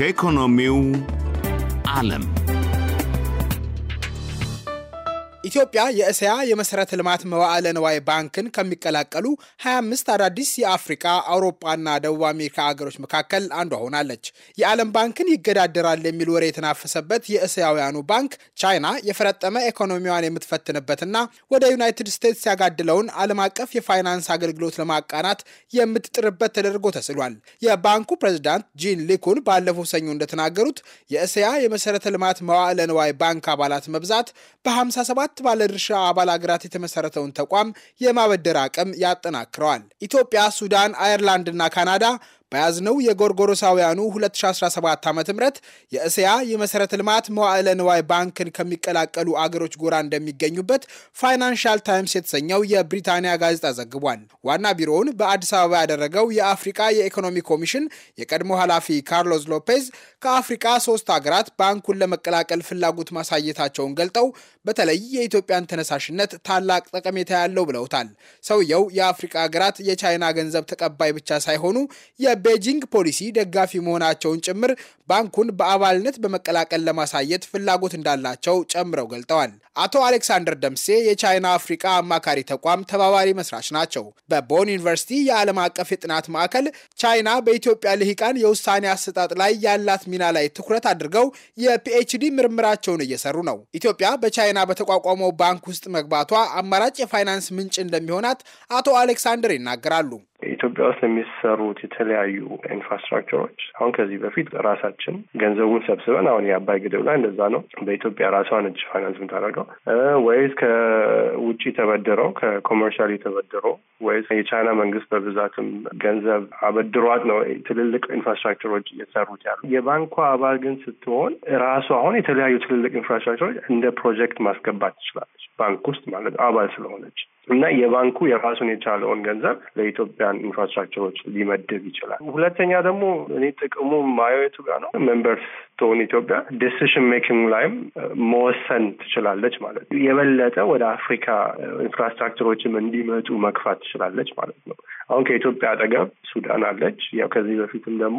ከኢኮኖሚው ዓለም ኢትዮጵያ የእስያ የመሰረተ ልማት መዋዕለ ንዋይ ባንክን ከሚቀላቀሉ 25 አዳዲስ የአፍሪካ አውሮፓና ደቡብ አሜሪካ አገሮች መካከል አንዷ ሆናለች። የዓለም ባንክን ይገዳደራል የሚል ወሬ የተናፈሰበት የእስያውያኑ ባንክ ቻይና የፈረጠመ ኢኮኖሚዋን የምትፈትንበትና ወደ ዩናይትድ ስቴትስ ያጋድለውን ዓለም አቀፍ የፋይናንስ አገልግሎት ለማቃናት የምትጥርበት ተደርጎ ተስሏል። የባንኩ ፕሬዚዳንት ጂን ሊኩን ባለፈው ሰኞ እንደተናገሩት የእስያ የመሰረተ ልማት መዋዕለ ንዋይ ባንክ አባላት መብዛት በ57 ባለድርሻ አባል ሀገራት የተመሰረተውን ተቋም የማበደር አቅም ያጠናክረዋል። ኢትዮጵያ፣ ሱዳን፣ አየርላንድና ካናዳ በያዝነው የጎርጎሮሳውያኑ 2017 ዓ ም የእስያ የመሰረተ ልማት መዋዕለ ንዋይ ባንክን ከሚቀላቀሉ አገሮች ጎራ እንደሚገኙበት ፋይናንሻል ታይምስ የተሰኘው የብሪታንያ ጋዜጣ ዘግቧል። ዋና ቢሮውን በአዲስ አበባ ያደረገው የአፍሪቃ የኢኮኖሚ ኮሚሽን የቀድሞ ኃላፊ ካርሎስ ሎፔዝ ከአፍሪቃ ሶስት ሀገራት ባንኩን ለመቀላቀል ፍላጎት ማሳየታቸውን ገልጠው በተለይ የኢትዮጵያን ተነሳሽነት ታላቅ ጠቀሜታ ያለው ብለውታል። ሰውየው የአፍሪቃ ሀገራት የቻይና ገንዘብ ተቀባይ ብቻ ሳይሆኑ የቤጂንግ ፖሊሲ ደጋፊ መሆናቸውን ጭምር ባንኩን በአባልነት በመቀላቀል ለማሳየት ፍላጎት እንዳላቸው ጨምረው ገልጠዋል። አቶ አሌክሳንደር ደምሴ የቻይና አፍሪካ አማካሪ ተቋም ተባባሪ መስራች ናቸው። በቦን ዩኒቨርሲቲ የዓለም አቀፍ የጥናት ማዕከል ቻይና በኢትዮጵያ ልሂቃን የውሳኔ አሰጣጥ ላይ ያላት ሚና ላይ ትኩረት አድርገው የፒኤችዲ ምርምራቸውን እየሰሩ ነው። ኢትዮጵያ በቻይና በተቋቋመው ባንክ ውስጥ መግባቷ አማራጭ የፋይናንስ ምንጭ እንደሚሆናት አቶ አሌክሳንደር ይናገራሉ። ኢትዮጵያ ውስጥ የሚሰሩት የተለያዩ ኢንፍራስትራክቸሮች አሁን ከዚህ በፊት ራሳችን ገንዘቡን ሰብስበን አሁን የአባይ ግድብ ላይ እንደዛ ነው። በኢትዮጵያ ራሷን እጅ ፋይናንስ የምታደርገው ወይስ ከውጭ ተበድረው ከኮመርሻል ተበድረው ወይስ የቻይና መንግስት በብዛትም ገንዘብ አበድሯት ነው ትልልቅ ኢንፍራስትራክቸሮች እየሰሩት ያሉ። የባንኳ አባል ግን ስትሆን ራሱ አሁን የተለያዩ ትልልቅ ኢንፍራስትራክቸሮች እንደ ፕሮጀክት ማስገባት ትችላለች፣ ባንክ ውስጥ ማለት አባል ስለሆነች እና የባንኩ የራሱን የቻለውን ገንዘብ ለኢትዮጵያ ያን ኢንፍራስትራክቸሮች ሊመድብ ይችላል። ሁለተኛ ደግሞ እኔ ጥቅሙ ማየቱ ጋር ነው። ሜምበር ስትሆን ኢትዮጵያ ዲሲሽን ሜኪንግ ላይም መወሰን ትችላለች ማለት ነው። የበለጠ ወደ አፍሪካ ኢንፍራስትራክቸሮችም እንዲመጡ መግፋት ትችላለች ማለት ነው። አሁን ከኢትዮጵያ አጠገብ ሱዳን አለች። ያው ከዚህ በፊትም ደግሞ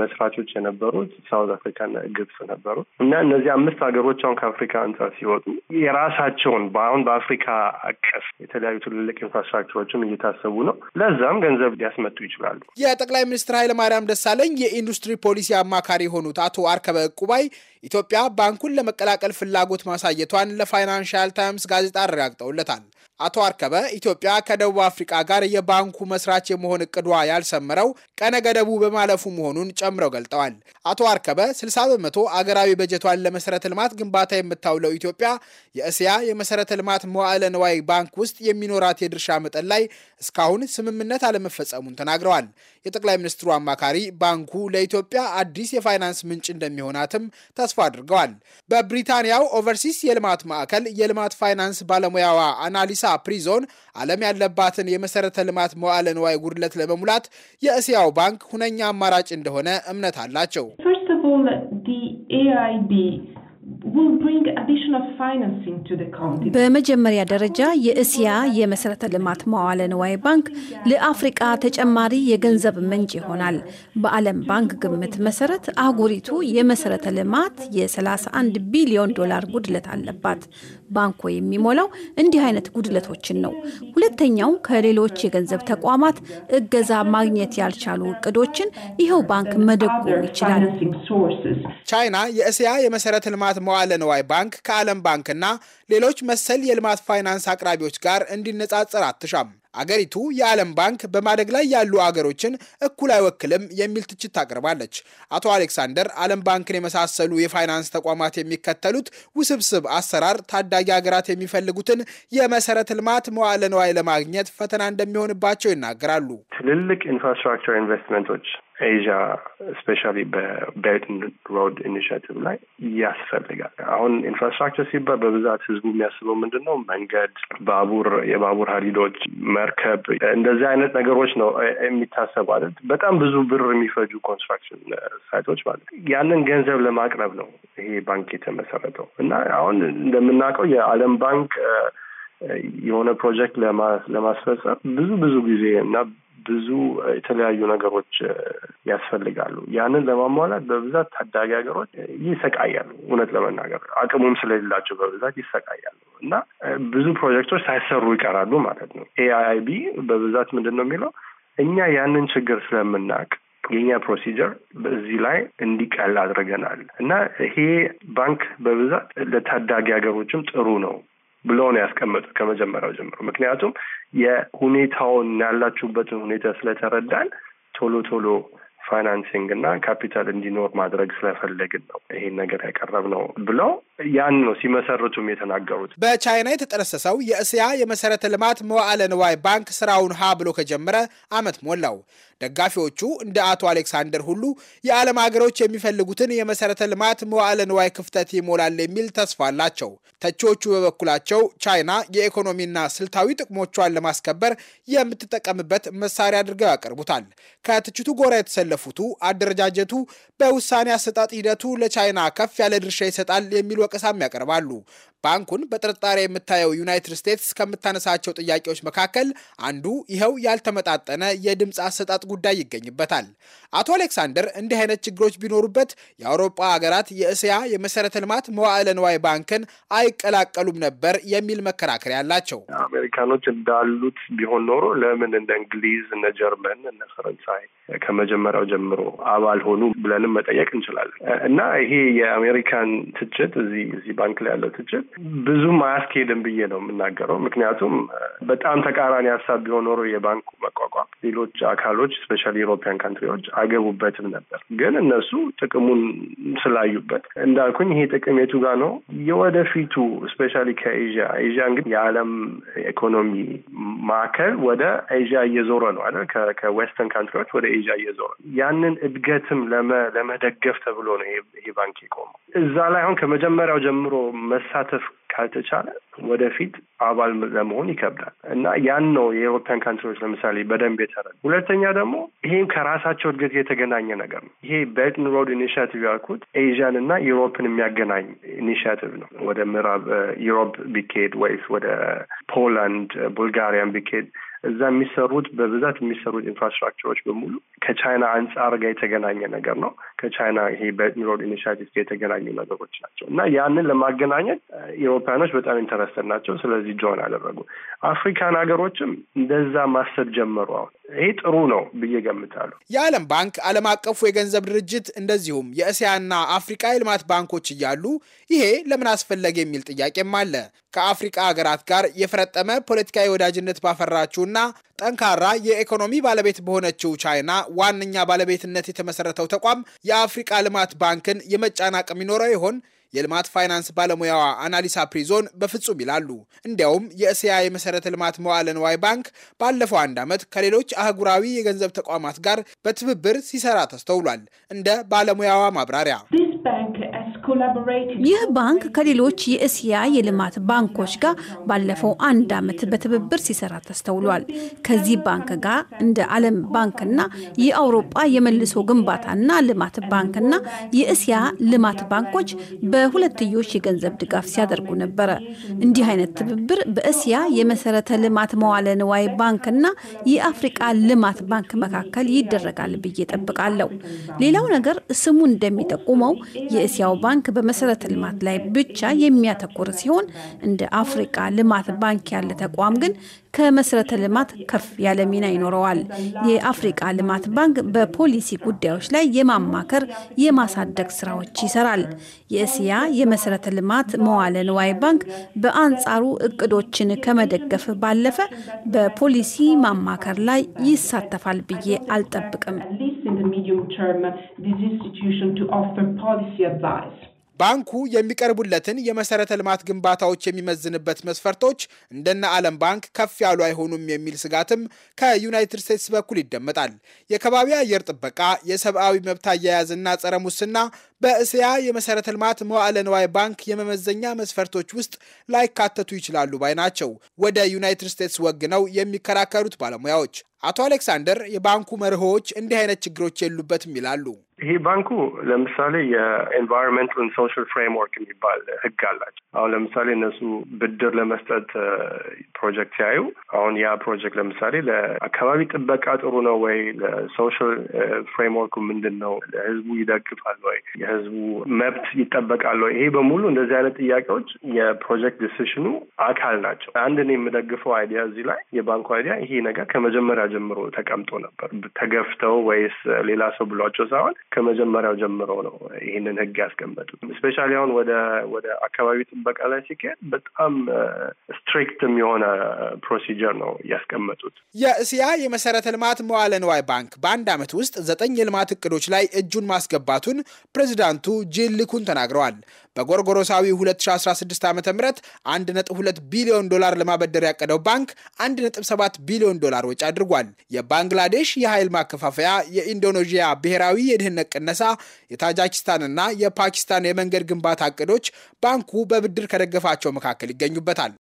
መስራቾች የነበሩት ሳውዝ አፍሪካና ግብጽ ነበሩ እና እነዚህ አምስት ሀገሮች አሁን ከአፍሪካ አንጻር ሲወጡ የራሳቸውን አሁን በአፍሪካ አቀፍ የተለያዩ ትልልቅ ኢንፍራስትራክቸሮችም እየታሰቡ ነው። ለዛም ገንዘብ ሊያስመጡ ይችላሉ። የጠቅላይ ሚኒስትር ኃይለማርያም ደሳለኝ የኢንዱስትሪ ፖሊሲ አማካሪ የሆኑት አቶ አርከበ ቁባይ ኢትዮጵያ ባንኩን ለመቀላቀል ፍላጎት ማሳየቷን ለፋይናንሻል ታይምስ ጋዜጣ አረጋግጠውለታል። አቶ አርከበ ኢትዮጵያ ከደቡብ አፍሪካ ጋር የባንኩ መስራች የመሆን እቅዷ ያልሰመረው ቀነ ገደቡ በማለፉ መሆኑን ጨምረው ገልጠዋል። አቶ አርከበ 60 በመቶ አገራዊ በጀቷን ለመሰረተ ልማት ግንባታ የምታውለው ኢትዮጵያ የእስያ የመሰረተ ልማት መዋዕለ ንዋይ ባንክ ውስጥ የሚኖራት የድርሻ መጠን ላይ እስካሁን ስምምነት አለመፈጸሙን ተናግረዋል። የጠቅላይ ሚኒስትሩ አማካሪ ባንኩ ለኢትዮጵያ አዲስ የፋይናንስ ምንጭ እንደሚሆናትም ተስፋ አድርገዋል። በብሪታንያው ኦቨርሲስ የልማት ማዕከል የልማት ፋይናንስ ባለሙያዋ አናሊሳ ሳፕሪ ፕሪዞን ዓለም ያለባትን የመሰረተ ልማት መዋለ ንዋይ ጉድለት ለመሙላት የእስያው ባንክ ሁነኛ አማራጭ እንደሆነ እምነት አላቸው። በመጀመሪያ ደረጃ የእስያ የመሰረተ ልማት መዋለ ንዋይ ባንክ ለአፍሪቃ ተጨማሪ የገንዘብ ምንጭ ይሆናል። በዓለም ባንክ ግምት መሰረት አህጉሪቱ የመሰረተ ልማት የ31 ቢሊዮን ዶላር ጉድለት አለባት። ባንኮ የሚሞላው እንዲህ አይነት ጉድለቶችን ነው። ሁለተኛው ከሌሎች የገንዘብ ተቋማት እገዛ ማግኘት ያልቻሉ እቅዶችን ይኸው ባንክ መደጎም ይችላል። ቻይና የእስያ የመሰረተ ልማት መዋለ ባንክ ከዓለም ባንክና ሌሎች መሰል የልማት ፋይናንስ አቅራቢዎች ጋር እንዲነጻጸር አትሻም። አገሪቱ የዓለም ባንክ በማደግ ላይ ያሉ አገሮችን እኩል አይወክልም የሚል ትችት ታቅርባለች። አቶ አሌክሳንደር ዓለም ባንክን የመሳሰሉ የፋይናንስ ተቋማት የሚከተሉት ውስብስብ አሰራር ታዳጊ ሀገራት የሚፈልጉትን የመሰረተ ልማት መዋለ ንዋይ ለማግኘት ፈተና እንደሚሆንባቸው ይናገራሉ። ትልልቅ ኢንፍራስትራክቸር ኢንቨስትመንቶች ኤዥያ ስፔሻሊ በቤልት ሮድ ኢኒሽቲቭ ላይ ያስፈልጋል። አሁን ኢንፍራስትራክቸር ሲባል በብዛት ህዝቡ የሚያስበው ምንድን ነው? መንገድ፣ ባቡር፣ የባቡር ሀዲዶች፣ መርከብ፣ እንደዚህ አይነት ነገሮች ነው የሚታሰቡ አይደል? በጣም ብዙ ብር የሚፈጁ ኮንስትራክሽን ሳይቶች ማለት ያንን ገንዘብ ለማቅረብ ነው ይሄ ባንክ የተመሰረተው እና አሁን እንደምናውቀው የዓለም ባንክ የሆነ ፕሮጀክት ለማስፈጸም ብዙ ብዙ ጊዜ እና ብዙ የተለያዩ ነገሮች ያስፈልጋሉ። ያንን ለማሟላት በብዛት ታዳጊ ሀገሮች ይሰቃያሉ። እውነት ለመናገር አቅሙም ስለሌላቸው በብዛት ይሰቃያሉ እና ብዙ ፕሮጀክቶች ሳይሰሩ ይቀራሉ ማለት ነው። ኤአይቢ በብዛት ምንድን ነው የሚለው እኛ ያንን ችግር ስለምናውቅ የኛ ፕሮሲጀር በዚህ ላይ እንዲቀል አድርገናል እና ይሄ ባንክ በብዛት ለታዳጊ ሀገሮችም ጥሩ ነው ብሎ ነው ያስቀመጡት ከመጀመሪያው ጀምሮ። ምክንያቱም የሁኔታውን ያላችሁበትን ሁኔታ ስለተረዳን ቶሎ ቶሎ ፋይናንሲንግ እና ካፒታል እንዲኖር ማድረግ ስለፈለግን ነው ይሄን ነገር ያቀረብ ነው ብለው ያን ነው ሲመሰርቱም የተናገሩት። በቻይና የተጠነሰሰው የእስያ የመሰረተ ልማት መዋዕለ ንዋይ ባንክ ስራውን ሀ ብሎ ከጀመረ አመት ሞላው። ደጋፊዎቹ እንደ አቶ አሌክሳንደር ሁሉ የዓለም ሀገሮች የሚፈልጉትን የመሰረተ ልማት መዋዕለ ንዋይ ክፍተት ይሞላል የሚል ተስፋ አላቸው። ተቺዎቹ በበኩላቸው ቻይና የኢኮኖሚና ስልታዊ ጥቅሞቿን ለማስከበር የምትጠቀምበት መሳሪያ አድርገው ያቀርቡታል። ከትችቱ ጎራ የተሰለፉቱ አደረጃጀቱ በውሳኔ አሰጣጥ ሂደቱ ለቻይና ከፍ ያለ ድርሻ ይሰጣል የሚል ወቀሳም ያቀርባሉ። ባንኩን በጥርጣሬ የምታየው ዩናይትድ ስቴትስ ከምታነሳቸው ጥያቄዎች መካከል አንዱ ይኸው ያልተመጣጠነ የድምፅ አሰጣጥ ጉዳይ ይገኝበታል። አቶ አሌክሳንደር እንዲህ አይነት ችግሮች ቢኖሩበት የአውሮጳ ሀገራት የእስያ የመሰረተ ልማት መዋዕለ ንዋይ ባንክን አይቀላቀሉም ነበር የሚል መከራከሪያ አላቸው። አሜሪካኖች እንዳሉት ቢሆን ኖሮ ለምን እንደ እንግሊዝ፣ እነ ጀርመን፣ እነ ፈረንሳይ ከመጀመሪያው ጀምሮ አባል ሆኑ ብለንም መጠየቅ እንችላለን እና ይሄ የአሜሪካን ትችት እዚህ እዚህ ባንክ ላይ ያለው ትችት ብዙም አያስኬድም ብዬ ነው የምናገረው። ምክንያቱም በጣም ተቃራኒ ሀሳብ ቢሆን ኖሮ የባንኩ መቋቋም ሌሎች አካሎች ስፔሻሊ ዩሮፒያን ካንትሪዎች አይገቡበትም ነበር። ግን እነሱ ጥቅሙን ስላዩበት እንዳልኩኝ ይሄ ጥቅም የቱ ጋር ነው የወደፊቱ ስፔሻሊ ከኤዥያ ኤዥያ እንግዲህ የዓለም ኢኮኖሚ ማዕከል ወደ ኤዥያ እየዞረ ነው አይደል? ከዌስተርን ካንትሪዎች ወደ ኤዥያ እየዞረ ያንን እድገትም ለመደገፍ ተብሎ ነው ይሄ ባንክ የቆመው። እዛ ላይ አሁን ከመጀመሪያው ጀምሮ መሳተፍ መቅረፍ ካልተቻለ ወደፊት አባል ለመሆን ይከብዳል እና ያን ነው የአውሮፓውያን ካንትሪዎች ለምሳሌ በደንብ የተረ ሁለተኛ ደግሞ ይሄም ከራሳቸው እድገት የተገናኘ ነገር ነው። ይሄ ቤልትን ሮድ ኢኒሽቲቭ ያልኩት ኤዥያን እና ዩሮፕን የሚያገናኝ ኢኒሽቲቭ ነው። ወደ ምዕራብ ዩሮፕ uh, ቢኬድ ወይስ ወደ ፖላንድ ቡልጋሪያን uh, ቢኬድ እዛ የሚሰሩት በብዛት የሚሰሩት ኢንፍራስትራክቸሮች በሙሉ ከቻይና አንጻር ጋር የተገናኘ ነገር ነው። ከቻይና ይሄ በሮድ ኢኒሽቲቭ ጋር የተገናኙ ነገሮች ናቸው እና ያንን ለማገናኘት ኤሮፓያኖች በጣም ኢንተረስተድ ናቸው። ስለዚህ ጆን አደረጉ። አፍሪካን ሀገሮችም እንደዛ ማሰብ ጀመሩ። አሁን ይሄ ጥሩ ነው ብዬ ገምታሉ። የዓለም ባንክ፣ ዓለም አቀፉ የገንዘብ ድርጅት እንደዚሁም የእስያና አፍሪካ የልማት ባንኮች እያሉ ይሄ ለምን አስፈለገ የሚል ጥያቄም አለ። ከአፍሪካ ሀገራት ጋር የፈረጠመ ፖለቲካዊ ወዳጅነት ባፈራችሁ በሆነችውና ጠንካራ የኢኮኖሚ ባለቤት በሆነችው ቻይና ዋነኛ ባለቤትነት የተመሰረተው ተቋም የአፍሪቃ ልማት ባንክን የመጫን አቅም ይኖረው ይሆን? የልማት ፋይናንስ ባለሙያዋ አናሊሳ ፕሪዞን በፍጹም ይላሉ። እንዲያውም የእስያ የመሰረተ ልማት መዋለ ንዋይ ባንክ ባለፈው አንድ ዓመት ከሌሎች አህጉራዊ የገንዘብ ተቋማት ጋር በትብብር ሲሰራ ተስተውሏል። እንደ ባለሙያዋ ማብራሪያ ይህ ባንክ ከሌሎች የእስያ የልማት ባንኮች ጋር ባለፈው አንድ ዓመት በትብብር ሲሰራ ተስተውሏል። ከዚህ ባንክ ጋር እንደ ዓለም ባንክና የአውሮጳ የመልሶ ግንባታና ልማት ባንክና የእስያ ልማት ባንኮች በሁለትዮሽ የገንዘብ ድጋፍ ሲያደርጉ ነበረ። እንዲህ አይነት ትብብር በእስያ የመሰረተ ልማት መዋለ ንዋይ ባንክና የአፍሪቃ ልማት ባንክ መካከል ይደረጋል ብዬ ጠብቃለሁ። ሌላው ነገር ስሙ እንደሚጠቁመው የእስያው ባንክ በመሰረተ ልማት ላይ ብቻ የሚያተኩር ሲሆን እንደ አፍሪቃ ልማት ባንክ ያለ ተቋም ግን ከመሰረተ ልማት ከፍ ያለ ሚና ይኖረዋል። የአፍሪቃ ልማት ባንክ በፖሊሲ ጉዳዮች ላይ የማማከር የማሳደግ ስራዎች ይሰራል። የእስያ የመሰረተ ልማት መዋለ ንዋይ ባንክ በአንጻሩ እቅዶችን ከመደገፍ ባለፈ በፖሊሲ ማማከር ላይ ይሳተፋል ብዬ አልጠብቅም። ባንኩ የሚቀርቡለትን የመሰረተ ልማት ግንባታዎች የሚመዝንበት መስፈርቶች እንደነ ዓለም ባንክ ከፍ ያሉ አይሆኑም የሚል ስጋትም ከዩናይትድ ስቴትስ በኩል ይደመጣል። የከባቢ አየር ጥበቃ፣ የሰብአዊ መብት አያያዝና ጸረ ሙስና በእስያ የመሰረተ ልማት መዋዕለ ንዋይ ባንክ የመመዘኛ መስፈርቶች ውስጥ ላይካተቱ ይችላሉ ባይ ናቸው ወደ ዩናይትድ ስቴትስ ወግ ነው የሚከራከሩት ባለሙያዎች። አቶ አሌክሳንደር የባንኩ መርሆዎች እንዲህ አይነት ችግሮች የሉበትም ይላሉ። ይሄ ባንኩ ለምሳሌ የኤንቫይሮንመንታል ሶሻል ፍሬምወርክ የሚባል ህግ አላቸው። አሁን ለምሳሌ እነሱ ብድር ለመስጠት ፕሮጀክት ሲያዩ አሁን ያ ፕሮጀክት ለምሳሌ ለአካባቢ ጥበቃ ጥሩ ነው ወይ፣ ለሶሻል ፍሬምወርኩ ምንድን ነው፣ ለህዝቡ ይደግፋል ወይ፣ የህዝቡ መብት ይጠበቃል ወይ፣ ይሄ በሙሉ እንደዚህ አይነት ጥያቄዎች የፕሮጀክት ዲሲሽኑ አካል ናቸው። አንድ እኔ የምደግፈው አይዲያ እዚህ ላይ የባንኩ አይዲያ ይሄ ነገር ከመጀመሪያ ጀምሮ ተቀምጦ ነበር። ተገፍተው ወይስ ሌላ ሰው ብሏቸው ሳይሆን ከመጀመሪያው ጀምሮ ነው ይህንን ህግ ያስቀመጡት። ስፔሻሊ አሁን ወደ ወደ አካባቢ ጥበቃ ላይ ሲካሄድ በጣም ስትሪክትም uh, የሆነ ፕሮሲጀር ነው ያስቀመጡት። የእስያ የመሰረተ ልማት መዋለ ንዋይ ባንክ በአንድ ዓመት ውስጥ ዘጠኝ የልማት እቅዶች ላይ እጁን ማስገባቱን ፕሬዚዳንቱ ጂን ልኩን ተናግረዋል። በጎርጎሮሳዊ 2016 ዓ ም 1.2 ቢሊዮን ዶላር ለማበደር ያቀደው ባንክ 1.7 ቢሊዮን ዶላር ወጪ አድርጓል። የባንግላዴሽ የኃይል ማከፋፈያ፣ የኢንዶኔዥያ ብሔራዊ የድህነት ቅነሳ፣ የታጃኪስታንና የፓኪስታን የመንገድ ግንባታ እቅዶች ባንኩ በብድር ከደገፋቸው መካከል ይገኙበታል።